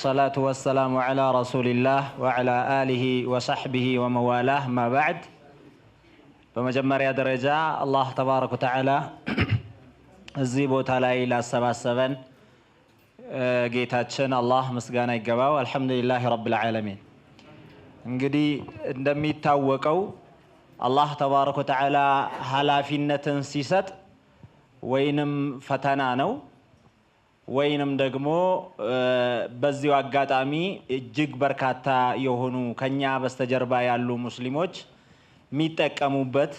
والصلاة ወሰላሙ ዓላ ረሱሊላህ ወዓላ አሊሂ آله وصحبه وموالاه በመጀመሪያ ደረጃ አላህ ተባረከ ወተዓላ እዚህ ቦታ ላይ ላሰባሰበን ጌታችን አላህ ምስጋና ይገባው። አልሐምዱሊላህ ረብል ዓለሚን። እንግዲህ እንደሚታወቀው አላህ ተባረከ ወተዓላ ኃላፊነትን ሲሰጥ ወይንም ፈተና ነው ወይንም ደግሞ በዚሁ አጋጣሚ እጅግ በርካታ የሆኑ ከኛ በስተጀርባ ያሉ ሙስሊሞች የሚጠቀሙበት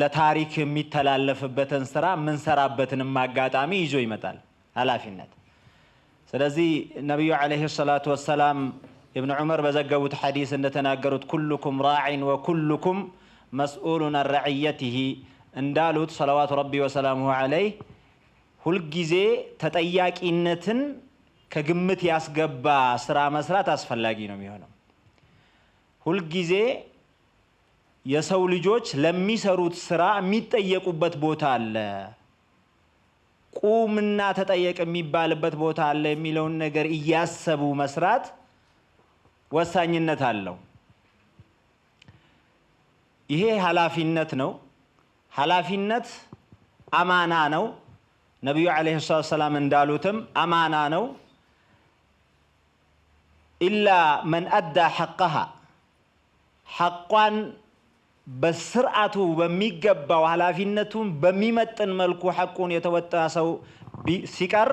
ለታሪክ የሚተላለፍበትን ስራ የምንሰራበትንም አጋጣሚ ይዞ ይመጣል ኃላፊነት። ስለዚህ ነቢዩ ዓለይሂ ሰላቱ ወሰላም እብን ዑመር በዘገቡት ሐዲስ እንደተናገሩት ኩልኩም ራዒን ወኩልኩም መስኡሉን አን እንዳሉት ሰለዋቱ ረቢ ወሰላሙሁ ዓለይህ ሁልጊዜ ተጠያቂነትን ከግምት ያስገባ ስራ መስራት አስፈላጊ ነው የሚሆነው። ሁልጊዜ የሰው ልጆች ለሚሰሩት ስራ የሚጠየቁበት ቦታ አለ፣ ቁምና ተጠየቅ የሚባልበት ቦታ አለ የሚለውን ነገር እያሰቡ መስራት ወሳኝነት አለው። ይሄ ኃላፊነት ነው። ኃላፊነት አማና ነው። ነቢዩ ዓለይሂ ሰላቱ ሰላም እንዳሉትም አማና ነው። ኢላ መን አዳ ሐቀሃ ሐቋን በስርዓቱ በሚገባው ኃላፊነቱን በሚመጥን መልኩ ሐቁን የተወጣ ሰው ሲቀር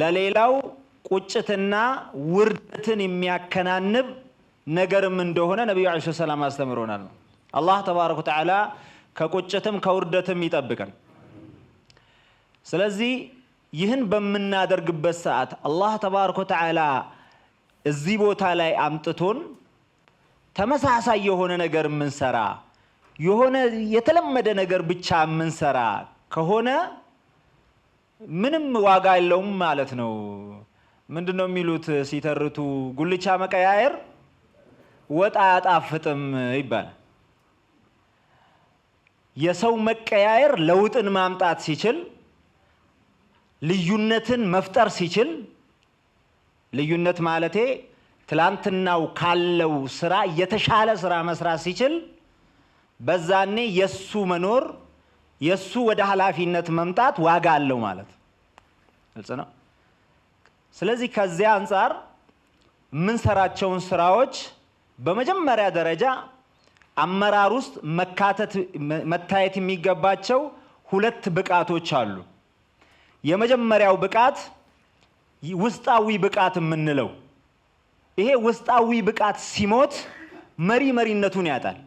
ለሌላው ቁጭትና ውርደትን የሚያከናንብ ነገርም እንደሆነ ነቢዩ ዓለይሂ ሰላም አስተምሮናል። አላህ ተባረከ ወተዓላ ከቁጭትም ከውርደትም ይጠብቀን። ስለዚህ ይህን በምናደርግበት ሰዓት አላህ ተባረከ ወተዓላ እዚህ ቦታ ላይ አምጥቶን ተመሳሳይ የሆነ ነገር የምንሰራ የሆነ የተለመደ ነገር ብቻ የምንሰራ ከሆነ ምንም ዋጋ የለውም ማለት ነው። ምንድን ነው የሚሉት ሲተርቱ ጉልቻ መቀያየር ወጥ አያጣፍጥም ይባላል። የሰው መቀያየር ለውጥን ማምጣት ሲችል ልዩነትን መፍጠር ሲችል ልዩነት ማለቴ ትላንትናው ካለው ስራ የተሻለ ስራ መስራት ሲችል በዛኔ የሱ መኖር የሱ ወደ ኃላፊነት መምጣት ዋጋ አለው ማለት ግልጽ ነው። ስለዚህ ከዚያ አንጻር የምንሰራቸውን ስራዎች በመጀመሪያ ደረጃ አመራር ውስጥ መካተት መታየት የሚገባቸው ሁለት ብቃቶች አሉ። የመጀመሪያው ብቃት ውስጣዊ ብቃት የምንለው ይሄ ውስጣዊ ብቃት ሲሞት መሪ መሪነቱን ያጣል።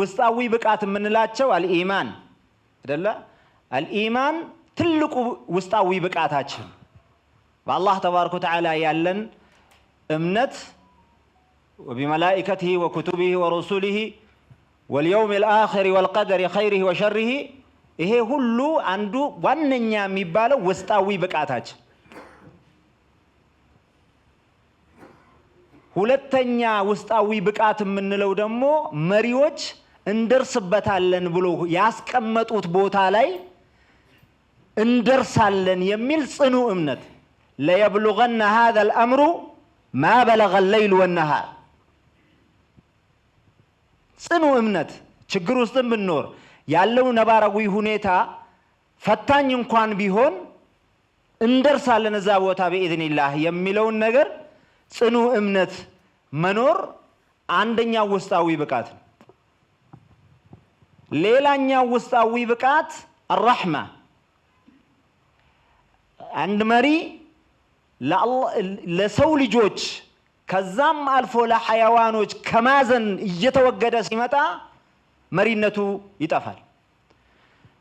ውስጣዊ ብቃት የምንላቸው አልኢማን አይደለ? አልኢማን ትልቁ ውስጣዊ ብቃታችን በአላህ ተባረከ ወተዓላ ያለን እምነት وبملائكته وكتبه ورسله واليوم الآخر والقدر خيره وشره ይሄ ሁሉ አንዱ ዋነኛ የሚባለው ውስጣዊ ብቃታችን። ሁለተኛ ውስጣዊ ብቃት የምንለው ደግሞ መሪዎች እንደርስበታለን ብሎ ያስቀመጡት ቦታ ላይ እንደርሳለን የሚል ጽኑ እምነት ለየብሉገነ ሀዘ ልአምሩ ማ በለገ ሌይል ወነሃር ጽኑ እምነት ችግር ውስጥም ብንኖር ያለው ነባራዊ ሁኔታ ፈታኝ እንኳን ቢሆን እንደርሳለን እዛ ቦታ በኢድኒላህ የሚለውን ነገር ጽኑ እምነት መኖር አንደኛው ውስጣዊ ብቃት ነው። ሌላኛው ውስጣዊ ብቃት አራሕማ አንድ መሪ ለሰው ልጆች ከዛም አልፎ ለሐያዋኖች ከማዘን እየተወገደ ሲመጣ መሪነቱ ይጠፋል።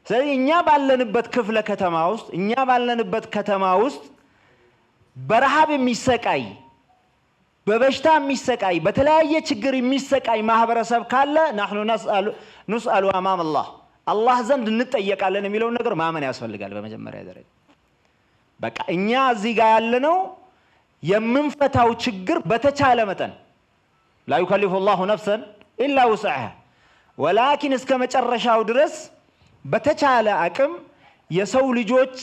ስለዚህ እኛ ባለንበት ክፍለ ከተማ ውስጥ እኛ ባለንበት ከተማ ውስጥ በረሃብ የሚሰቃይ በበሽታ የሚሰቃይ በተለያየ ችግር የሚሰቃይ ማህበረሰብ ካለ ናኑ ኑስአሉ አማም አላህ አላህ ዘንድ እንጠየቃለን የሚለውን ነገር ማመን ያስፈልጋል። በመጀመሪያ ደረጃ በቃ እኛ እዚህ ጋር ያለነው የምንፈታው ችግር በተቻለ መጠን ላዩከሊፉ ላሁ ነፍሰን ኢላ ውስዐሃ ወላኪን እስከ መጨረሻው ድረስ በተቻለ አቅም የሰው ልጆች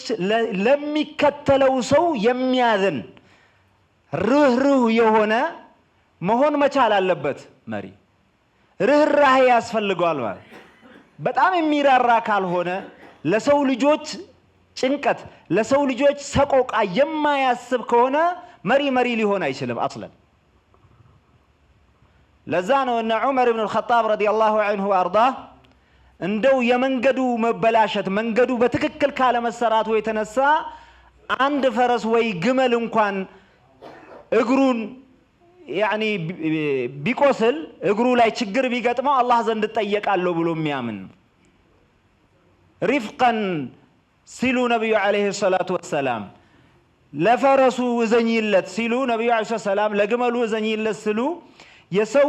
ለሚከተለው ሰው የሚያዝን ርኅርኅ የሆነ መሆን መቻል አለበት። መሪ ርኅራሄ ያስፈልገዋል። ማለት በጣም የሚራራ ካልሆነ ለሰው ልጆች ጭንቀት፣ ለሰው ልጆች ሰቆቃ የማያስብ ከሆነ መሪ መሪ ሊሆን አይችልም አስለን። ለዛ ነው እነ ዑመር ብን አልኸጣብ ረዲየላሁ አንሁ አርዳ እንደው የመንገዱ መበላሸት መንገዱ በትክክል ካለመሰራቱ የተነሳ አንድ ፈረስ ወይ ግመል እንኳን እግሩን ያኒ ቢቆስል እግሩ ላይ ችግር ቢገጥመው አላህ ዘንድ እጠየቃለሁ ብሎ የሚያምን ሪፍቀን ሲሉ ነቢዩ ዓለይሂ ሰላቱ ወሰላም ለፈረሱ እዘኝለት ሲሉ ነቢዩ ዓለይሂ ሰላም ለግመሉ እዘኝለት ሲሉ የሰው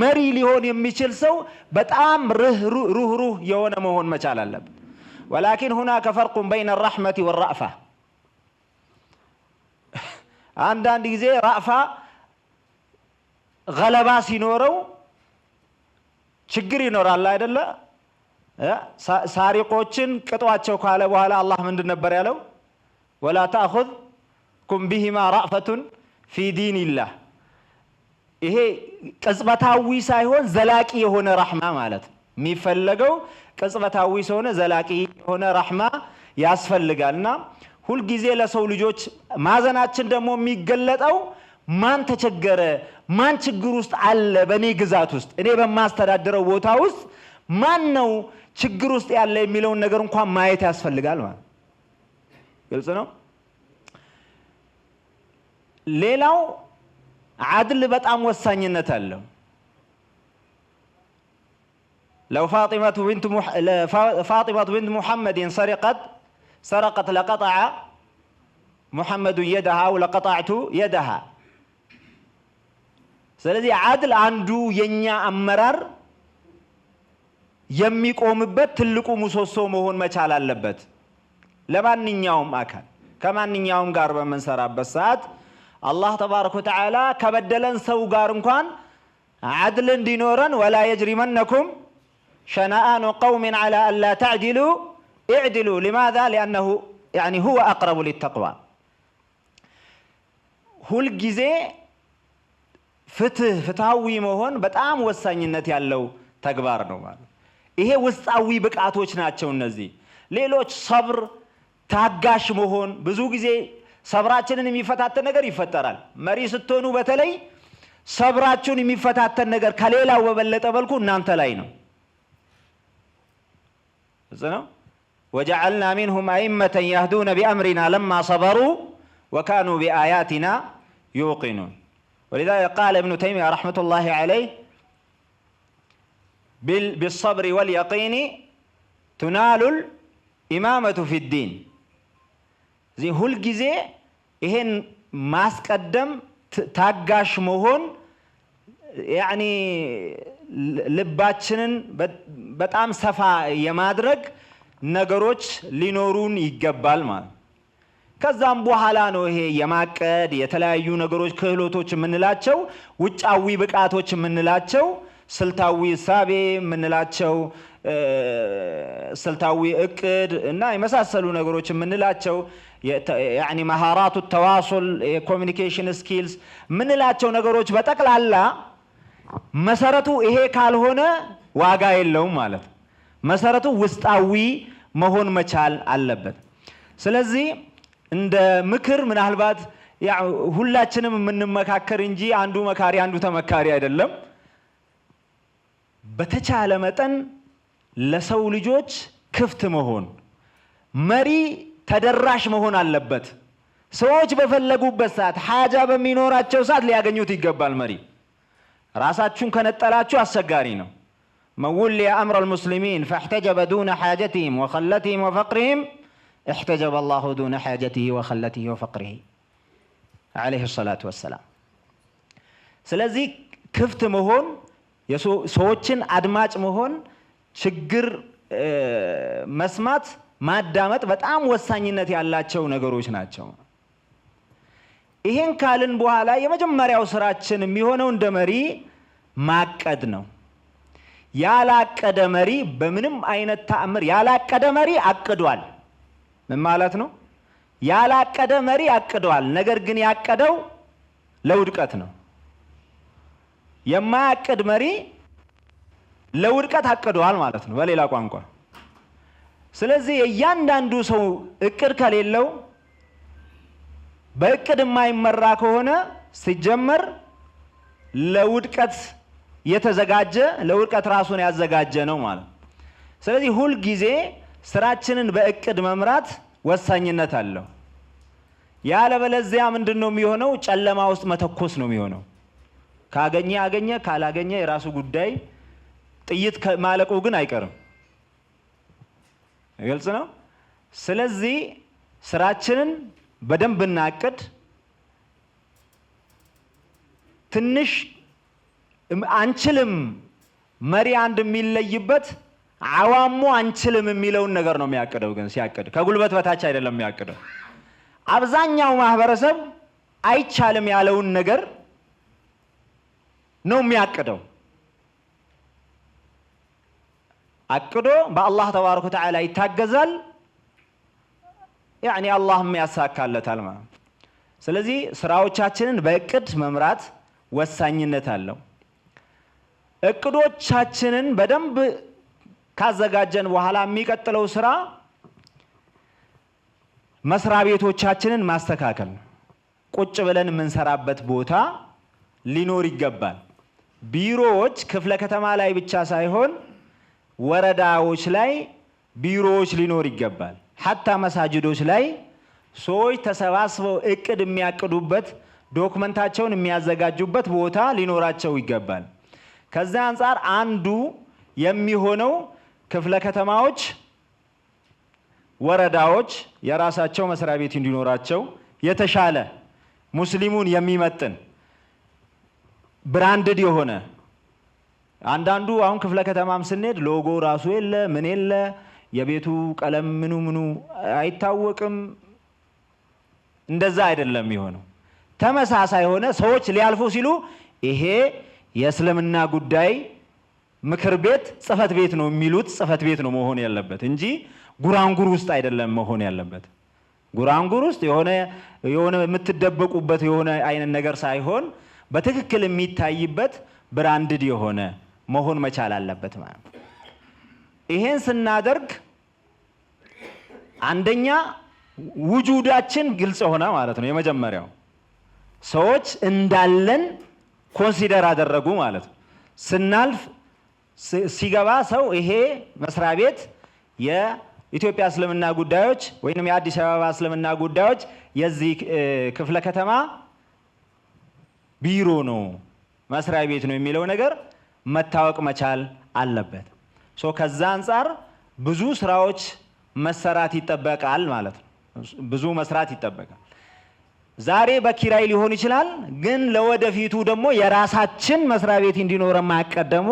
መሪ ሊሆን የሚችል ሰው በጣም ሩህሩህ የሆነ መሆን መቻል አለበት። ወላኪን ሁናከ ፈርቁን በይነ ራሕመቲ ወራእፋ። አንዳንድ ጊዜ ራእፋ ገለባ ሲኖረው ችግር ይኖራል አይደለ? ሳሪቆችን ቅጧቸው ካለ በኋላ አላህ ምንድን ነበር ያለው? ወላ ተአኹዝኩም ቢሂማ ራእፈቱን ፊ ዲንላህ ይሄ ቅጽበታዊ ሳይሆን ዘላቂ የሆነ ራሕማ ማለት ነው። የሚፈለገው ቅጽበታዊ የሆነ ዘላቂ የሆነ ራሕማ ያስፈልጋል እና ሁልጊዜ ለሰው ልጆች ማዘናችን ደግሞ የሚገለጠው ማን ተቸገረ፣ ማን ችግር ውስጥ አለ፣ በእኔ ግዛት ውስጥ እኔ በማስተዳደረው ቦታ ውስጥ ማን ነው ችግር ውስጥ ያለ የሚለውን ነገር እንኳን ማየት ያስፈልጋል ማለት ግልጽ ነው። ሌላው አድል በጣም ወሳኝነት አለው። ለው ፋጢመቱ ብንት ሙሐመድን ሰሪቀት ሰረቀት ለቀጠዐ ሙሐመዱ የደሃ ለቀጣዕቱ የደሃ። ስለዚህ አድል አንዱ የኛ አመራር የሚቆምበት ትልቁ ምሰሶ መሆን መቻል አለበት። ለማንኛውም አካል ከማንኛውም ጋር በምንሰራበት ሰዓት አላህ ተባረከ ወተዓላ ከበደለን ሰው ጋር እንኳን አድል እንዲኖረን ወላ የጅሪመነኩም ሸነአኑ ቀውሚን ዐላ አላ ተዕዲሉ ኢዕዲሉ ሊማዛ ሊአነሁ ያኒ ሁወ አቅረቡ ሊተቅዋ ሁልጊዜ ፍትህ ፍትሃዊ መሆን በጣም ወሳኝነት ያለው ተግባር ነው ማለት ይሄ ውስጣዊ ብቃቶች ናቸው እነዚህ ሌሎች ሰብር ታጋሽ መሆን ብዙ ጊዜ ሰብራችንን የሚፈታተን ነገር ይፈጠራል። መሪ ስትሆኑ በተለይ ሰብራችሁን የሚፈታተን ነገር ከሌላው በበለጠ መልኩ እናንተ ላይ ነው። እጽ ነው ወጀዐልና ሚንሁም አኢመተን ያህዱነ ቢአምሪና ለማ ሰበሩ ወካኑ ቢአያቲና ዩቂኑን ወሊዛሊከ ቃለ እብኑ ተይሚያ ረሕመቱላሂ ዐለይህ ቢሰብሪ ወልየቂኒ ቱናሉል ኢማመቱ ፊዲን እዚህ ሁልጊዜ ይሄን ማስቀደም ታጋሽ መሆን ያኒ ልባችንን በጣም ሰፋ የማድረግ ነገሮች ሊኖሩን ይገባል ማለት ከዛም በኋላ ነው ይሄ የማቀድ የተለያዩ ነገሮች ክህሎቶች የምንላቸው ውጫዊ ብቃቶች የምንላቸው ስልታዊ እሳቤ የምንላቸው ስልታዊ እቅድ እና የመሳሰሉ ነገሮች የምንላቸው ያኒ መሃራቱ ተዋሶል የኮሚኒኬሽን ስኪልስ ምንላቸው ነገሮች በጠቅላላ መሰረቱ ይሄ ካልሆነ ዋጋ የለውም ማለት ነው። መሰረቱ ውስጣዊ መሆን መቻል አለበት። ስለዚህ እንደ ምክር ምናልባት ሁላችንም የምንመካከር እንጂ አንዱ መካሪ አንዱ ተመካሪ አይደለም። በተቻለ መጠን ለሰው ልጆች ክፍት መሆን መሪ ተደራሽ መሆን አለበት። ሰዎች በፈለጉበት ሰዓት፣ ሀጃ በሚኖራቸው ሰዓት ሊያገኙት ይገባል። መሪ ራሳችሁን ከነጠላችሁ አስቸጋሪ ነው። መን ወልየ አምረ ልሙስሊሚን ፈሕተጀበ ዱነ ሓጀትህም ወኸለትህም ወፈቅርህም እሕተጀበ ላሁ ዱነ ሓጀትህ ወኸለትህ ወፈቅርህ ዓለይህ ሰላቱ ወሰላም። ስለዚህ ክፍት መሆን የሰዎችን አድማጭ መሆን ችግር መስማት ማዳመጥ በጣም ወሳኝነት ያላቸው ነገሮች ናቸው። ይሄን ካልን በኋላ የመጀመሪያው ስራችን የሚሆነው እንደ መሪ ማቀድ ነው። ያላቀደ መሪ በምንም አይነት ተአምር ያላቀደ መሪ አቅዷል። ምን ማለት ነው? ያላቀደ መሪ አቅዷል፣ ነገር ግን ያቀደው ለውድቀት ነው። የማያቅድ መሪ ለውድቀት አቅዷል ማለት ነው በሌላ ቋንቋ ስለዚህ የእያንዳንዱ ሰው እቅድ ከሌለው በእቅድ የማይመራ ከሆነ ሲጀመር ለውድቀት የተዘጋጀ ለውድቀት ራሱን ያዘጋጀ ነው ማለት። ስለዚህ ሁል ጊዜ ስራችንን በእቅድ መምራት ወሳኝነት አለው። ያለበለዚያ ምንድን ነው የሚሆነው? ጨለማ ውስጥ መተኮስ ነው የሚሆነው። ካገኘ አገኘ፣ ካላገኘ የራሱ ጉዳይ። ጥይት ማለቁ ግን አይቀርም። ግልጽ ነው። ስለዚህ ስራችንን በደንብ እናቅድ። ትንሽ አንችልም መሪ አንድ የሚለይበት አዋሙ አንችልም የሚለውን ነገር ነው የሚያቅደው። ግን ሲያቅድ ከጉልበት በታች አይደለም የሚያቅደው። አብዛኛው ማህበረሰብ አይቻልም ያለውን ነገር ነው የሚያቅደው። አቅዶ በአላህ ተባረከ ወተዓላ ይታገዛል። ያኒ አላህም ያሳካለታል ማለት። ስለዚህ ስራዎቻችንን በእቅድ መምራት ወሳኝነት አለው። እቅዶቻችንን በደንብ ካዘጋጀን በኋላ የሚቀጥለው ስራ መስሪያ ቤቶቻችንን ማስተካከል፣ ቁጭ ብለን የምንሰራበት ቦታ ሊኖር ይገባል። ቢሮዎች ክፍለ ከተማ ላይ ብቻ ሳይሆን ወረዳዎች ላይ ቢሮዎች ሊኖር ይገባል። ሀታ መሳጅዶች ላይ ሰዎች ተሰባስበው እቅድ የሚያቅዱበት ዶክመንታቸውን የሚያዘጋጁበት ቦታ ሊኖራቸው ይገባል። ከዚያ አንጻር አንዱ የሚሆነው ክፍለ ከተማዎች፣ ወረዳዎች የራሳቸው መስሪያ ቤት እንዲኖራቸው የተሻለ ሙስሊሙን የሚመጥን ብራንድድ የሆነ አንዳንዱ አሁን ክፍለ ከተማም ስንሄድ ሎጎ ራሱ የለ ምን የለ የቤቱ ቀለም ምኑ ምኑ አይታወቅም። እንደዛ አይደለም የሆነው። ተመሳሳይ የሆነ ሰዎች ሊያልፉ ሲሉ ይሄ የእስልምና ጉዳይ ምክር ቤት ጽህፈት ቤት ነው የሚሉት ጽህፈት ቤት ነው መሆን ያለበት እንጂ ጉራንጉር ውስጥ አይደለም መሆን ያለበት። ጉራንጉር ውስጥ የሆነ የሆነ የምትደበቁበት የሆነ አይነት ነገር ሳይሆን በትክክል የሚታይበት ብራንድድ የሆነ መሆን መቻል አለበት ማለት ነው። ይሄን ስናደርግ አንደኛ ውጁዳችን ግልጽ ሆነ ማለት ነው። የመጀመሪያው ሰዎች እንዳለን ኮንሲደር አደረጉ ማለት ነው። ስናልፍ ሲገባ ሰው ይሄ መስሪያ ቤት የኢትዮጵያ እስልምና ጉዳዮች ወይም የአዲስ አበባ እስልምና ጉዳዮች የዚህ ክፍለ ከተማ ቢሮ ነው መስሪያ ቤት ነው የሚለው ነገር መታወቅ መቻል አለበት። ሶ ከዛ አንጻር ብዙ ስራዎች መሰራት ይጠበቃል ማለት ነው። ብዙ መስራት ይጠበቃል። ዛሬ በኪራይ ሊሆን ይችላል፣ ግን ለወደፊቱ ደግሞ የራሳችን መስሪያ ቤት እንዲኖረ ማቀድ ደግሞ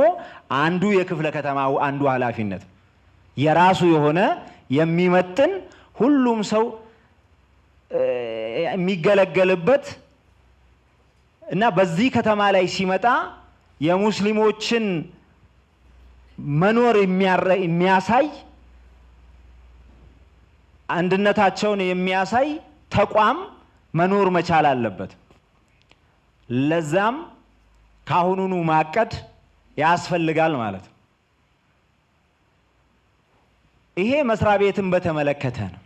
አንዱ የክፍለ ከተማ አንዱ ኃላፊነት የራሱ የሆነ የሚመጥን ሁሉም ሰው የሚገለገልበት እና በዚህ ከተማ ላይ ሲመጣ የሙስሊሞችን መኖር የሚያሳይ አንድነታቸውን የሚያሳይ ተቋም መኖር መቻል አለበት። ለዛም ካሁኑኑ ማቀድ ያስፈልጋል ማለት ነው። ይሄ መስሪያ ቤትን በተመለከተ ነው።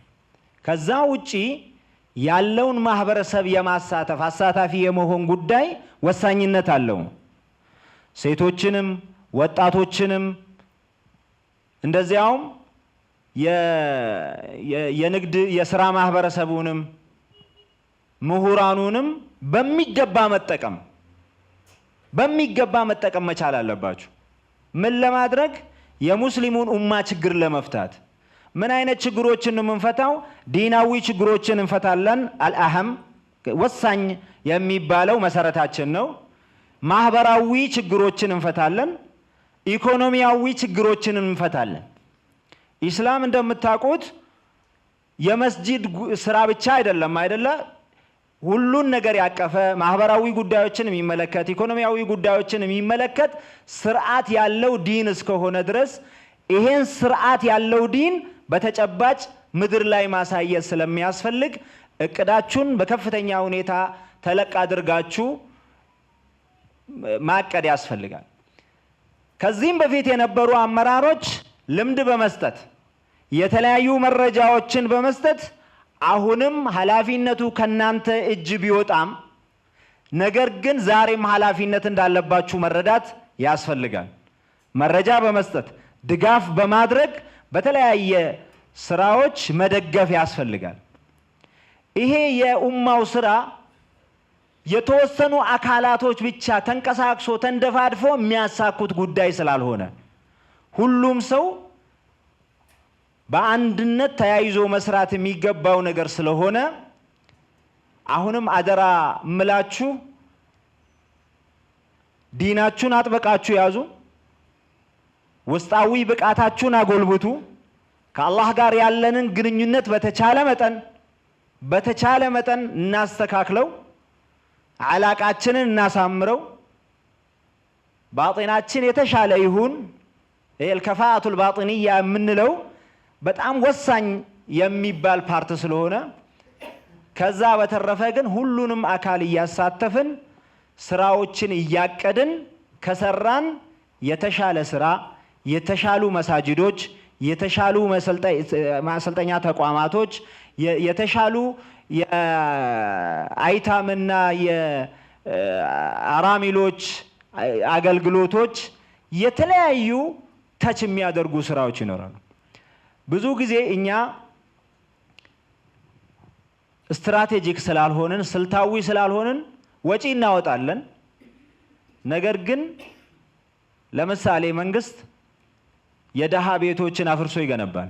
ከዛ ውጪ ያለውን ማህበረሰብ የማሳተፍ አሳታፊ የመሆን ጉዳይ ወሳኝነት አለው። ሴቶችንም ወጣቶችንም እንደዚያውም የንግድ የስራ ማህበረሰቡንም ምሁራኑንም በሚገባ መጠቀም በሚገባ መጠቀም መቻል አለባችሁ። ምን ለማድረግ የሙስሊሙን ኡማ ችግር ለመፍታት ምን አይነት ችግሮችን የምንፈታው? ዲናዊ ችግሮችን እንፈታለን። አልአህም ወሳኝ የሚባለው መሰረታችን ነው። ማህበራዊ ችግሮችን እንፈታለን፣ ኢኮኖሚያዊ ችግሮችን እንፈታለን። ኢስላም እንደምታውቁት የመስጂድ ስራ ብቻ አይደለም አይደለ? ሁሉን ነገር ያቀፈ ማህበራዊ ጉዳዮችን የሚመለከት ኢኮኖሚያዊ ጉዳዮችን የሚመለከት ስርዓት ያለው ዲን እስከሆነ ድረስ ይሄን ስርዓት ያለው ዲን በተጨባጭ ምድር ላይ ማሳየት ስለሚያስፈልግ እቅዳችሁን በከፍተኛ ሁኔታ ተለቅ አድርጋችሁ ማቀድ ያስፈልጋል። ከዚህም በፊት የነበሩ አመራሮች ልምድ በመስጠት የተለያዩ መረጃዎችን በመስጠት አሁንም ኃላፊነቱ ከናንተ እጅ ቢወጣም ነገር ግን ዛሬም ኃላፊነት እንዳለባችሁ መረዳት ያስፈልጋል። መረጃ በመስጠት ድጋፍ በማድረግ በተለያየ ስራዎች መደገፍ ያስፈልጋል። ይሄ የኡማው ስራ የተወሰኑ አካላቶች ብቻ ተንቀሳቅሶ ተንደፋድፎ የሚያሳኩት ጉዳይ ስላልሆነ ሁሉም ሰው በአንድነት ተያይዞ መስራት የሚገባው ነገር ስለሆነ አሁንም አደራ ምላችሁ ዲናችሁን አጥበቃችሁ ያዙ። ውስጣዊ ብቃታችሁን አጎልብቱ። ከአላህ ጋር ያለንን ግንኙነት በተቻለ መጠን በተቻለ መጠን እናስተካክለው። አላቃችንን እናሳምረው፣ ባጢናችን የተሻለ ይሁን። ልከፋአቱል ባጢንያ የምንለው በጣም ወሳኝ የሚባል ፓርት ስለሆነ ከዛ በተረፈ ግን ሁሉንም አካል እያሳተፍን ስራዎችን እያቀድን ከሰራን የተሻለ ስራ፣ የተሻሉ መሳጅዶች፣ የተሻሉ ማሰልጠኛ ተቋማቶች፣ የተሻሉ የአይታምና የአራሚሎች አገልግሎቶች የተለያዩ ተች የሚያደርጉ ስራዎች ይኖራሉ። ብዙ ጊዜ እኛ ስትራቴጂክ ስላልሆንን ስልታዊ ስላልሆንን ወጪ እናወጣለን። ነገር ግን ለምሳሌ መንግስት የደሃ ቤቶችን አፍርሶ ይገነባል።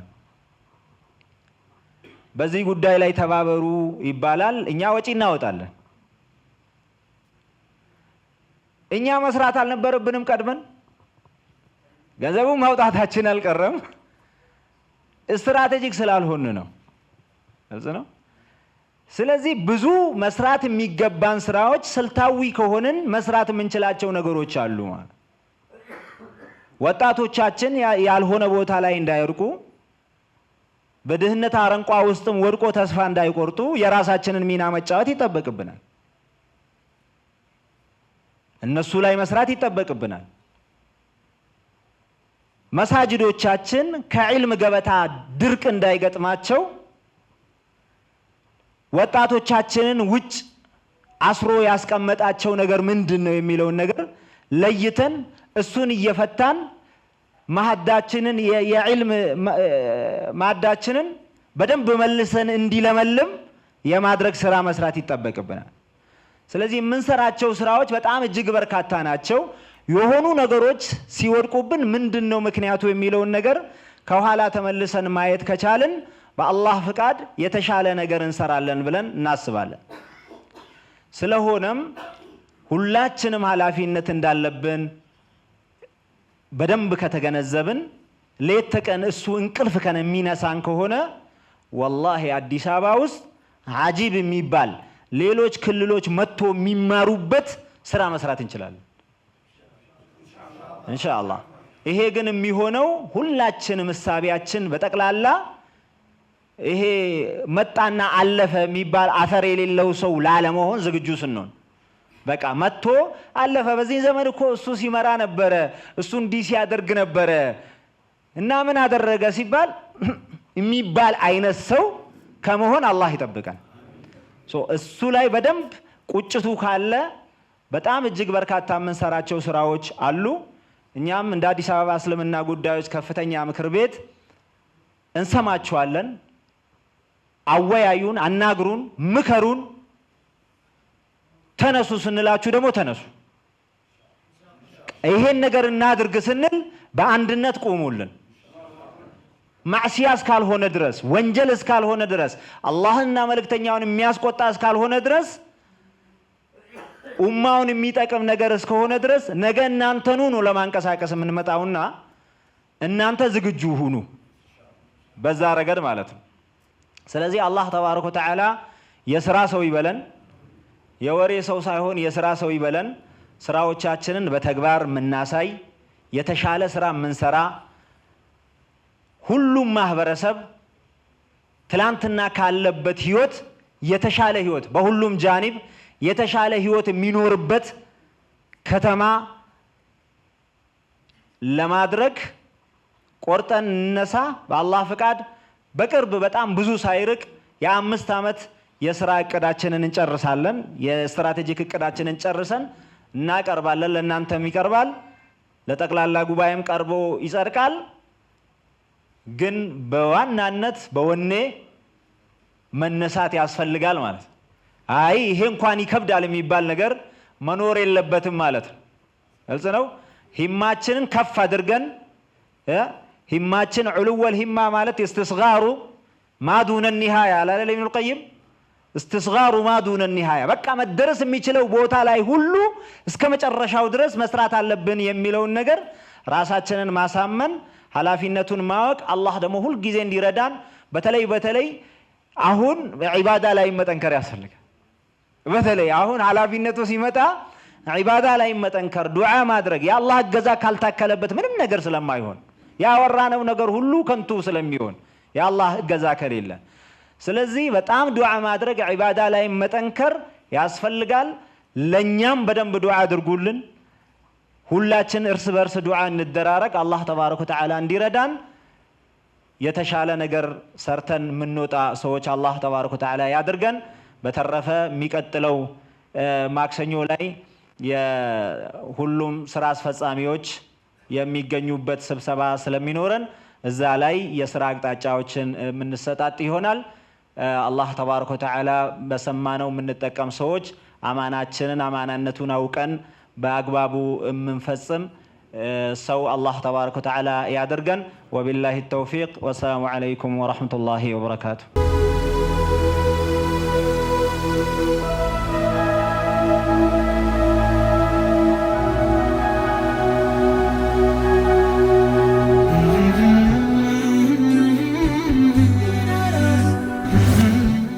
በዚህ ጉዳይ ላይ ተባበሩ ይባላል። እኛ ወጪ እናወጣለን። እኛ መስራት አልነበረብንም? ቀድመን ገንዘቡ ማውጣታችን አልቀረም። ስትራቴጂክ ስላልሆን ነው ነው። ስለዚህ ብዙ መስራት የሚገባን ስራዎች ስልታዊ ከሆንን መስራት የምንችላቸው ነገሮች አሉ። ወጣቶቻችን ያልሆነ ቦታ ላይ እንዳይርቁ በድህነት አረንቋ ውስጥም ወድቆ ተስፋ እንዳይቆርጡ የራሳችንን ሚና መጫወት ይጠበቅብናል። እነሱ ላይ መስራት ይጠበቅብናል። መሳጅዶቻችን ከዒልም ገበታ ድርቅ እንዳይገጥማቸው ወጣቶቻችንን ውጭ አስሮ ያስቀመጣቸው ነገር ምንድን ነው የሚለውን ነገር ለይተን እሱን እየፈታን ማዳችንን የዕልም ማዳችንን በደንብ መልሰን እንዲለመልም የማድረግ ስራ መስራት ይጠበቅብናል። ስለዚህ የምንሰራቸው ስራዎች በጣም እጅግ በርካታ ናቸው። የሆኑ ነገሮች ሲወድቁብን ምንድን ነው ምክንያቱ የሚለውን ነገር ከኋላ ተመልሰን ማየት ከቻልን በአላህ ፍቃድ የተሻለ ነገር እንሰራለን ብለን እናስባለን። ስለሆነም ሁላችንም ኃላፊነት እንዳለብን በደንብ ከተገነዘብን ሌት ተቀን እሱ እንቅልፍ ከን የሚነሳን ከሆነ ወላሂ አዲስ አበባ ውስጥ አጂብ የሚባል ሌሎች ክልሎች መጥቶ የሚማሩበት ስራ መስራት እንችላለን እንሻላ ይሄ ግን የሚሆነው ሁላችን እሳቢያችን በጠቅላላ ይሄ መጣና አለፈ የሚባል አፈር የሌለው ሰው ላለመሆን ዝግጁ ስንሆን በቃ መጥቶ አለፈ። በዚህ ዘመን እኮ እሱ ሲመራ ነበረ፣ እሱ እንዲህ ሲያደርግ ነበረ እና ምን አደረገ ሲባል የሚባል አይነት ሰው ከመሆን አላህ ይጠብቀን። እሱ ላይ በደንብ ቁጭቱ ካለ በጣም እጅግ በርካታ የምንሰራቸው ስራዎች አሉ። እኛም እንደ አዲስ አበባ እስልምና ጉዳዮች ከፍተኛ ምክር ቤት እንሰማችኋለን። አወያዩን፣ አናግሩን፣ ምከሩን። ተነሱ ስንላችሁ ደግሞ ተነሱ። ይሄን ነገር እናድርግ ስንል በአንድነት ቁሙልን። ማዕስያ እስካልሆነ ድረስ ወንጀል እስካልሆነ ድረስ አላህንና መልእክተኛውን የሚያስቆጣ እስካልሆነ ድረስ ኡማውን የሚጠቅም ነገር እስከሆነ ድረስ ነገ እናንተኑ ነው ለማንቀሳቀስ የምንመጣውና እናንተ ዝግጁ ሁኑ፣ በዛ ረገድ ማለት ነው። ስለዚህ አላህ ተባረከ ወተዓላ የስራ ሰው ይበለን። የወሬ ሰው ሳይሆን የስራ ሰው ይበለን። ስራዎቻችንን በተግባር የምናሳይ የተሻለ ስራ የምንሰራ ሁሉም ማህበረሰብ ትላንትና ካለበት ህይወት የተሻለ ህይወት በሁሉም ጃኒብ የተሻለ ህይወት የሚኖርበት ከተማ ለማድረግ ቆርጠን እንነሳ። በአላህ ፍቃድ በቅርብ በጣም ብዙ ሳይርቅ የአምስት ዓመት የስራ እቅዳችንን እንጨርሳለን። የስትራቴጂክ እቅዳችንን ጨርሰን እናቀርባለን። ለእናንተም ይቀርባል፣ ለጠቅላላ ጉባኤም ቀርቦ ይጸድቃል። ግን በዋናነት በወኔ መነሳት ያስፈልጋል ማለት አይ ይሄ እንኳን ይከብዳል የሚባል ነገር መኖር የለበትም ማለት ነው። ግልጽ ነው። ሂማችንን ከፍ አድርገን ሂማችን ዕሉወል ሂማ ማለት የስትስጋሩ ማዱነ ኒሃያ አላለ ቀይም እስትስጋሩ ማዱን ኒሃያ በቃ መደረስ የሚችለው ቦታ ላይ ሁሉ እስከ መጨረሻው ድረስ መስራት አለብን የሚለውን ነገር ራሳችንን ማሳመን፣ ኃላፊነቱን ማወቅ፣ አላህ ደግሞ ሁልጊዜ እንዲረዳን በተለይ በተለይ አሁን ዒባዳ ላይ መጠንከር ያስፈልጋል። በተለይ አሁን ኃላፊነቱ ሲመጣ ዒባዳ ላይ መጠንከር፣ ዱዓ ማድረግ የአላህ እገዛ ካልታከለበት ምንም ነገር ስለማይሆን ያወራነው ነገር ሁሉ ከንቱ ስለሚሆን የአላህ እገዛ ከሌለ ስለዚህ በጣም ዱዓ ማድረግ ዒባዳ ላይ መጠንከር ያስፈልጋል። ለእኛም በደንብ ዱዓ አድርጉልን። ሁላችን እርስ በእርስ ዱዓ እንደራረግ። አላህ ተባረከ ወተዓላ እንዲረዳን የተሻለ ነገር ሰርተን የምንወጣ ሰዎች አላህ ተባረከ ወተዓላ ያድርገን። በተረፈ የሚቀጥለው ማክሰኞ ላይ የሁሉም ስራ አስፈጻሚዎች የሚገኙበት ስብሰባ ስለሚኖረን እዛ ላይ የስራ አቅጣጫዎችን የምንሰጣጥ ይሆናል። አላህ ተባረከ ወተዓላ በሰማነው የምንጠቀም ሰዎች አማናችንን አማናነቱን አውቀን በአግባቡ የምንፈጽም ሰው አላህ ተባረከ ወተዓላ ያደርገን። ወቢላሂ ተውፊቅ። ወሰላሙ ዓለይኩም ወረሕመቱላሂ ወበረካቱ።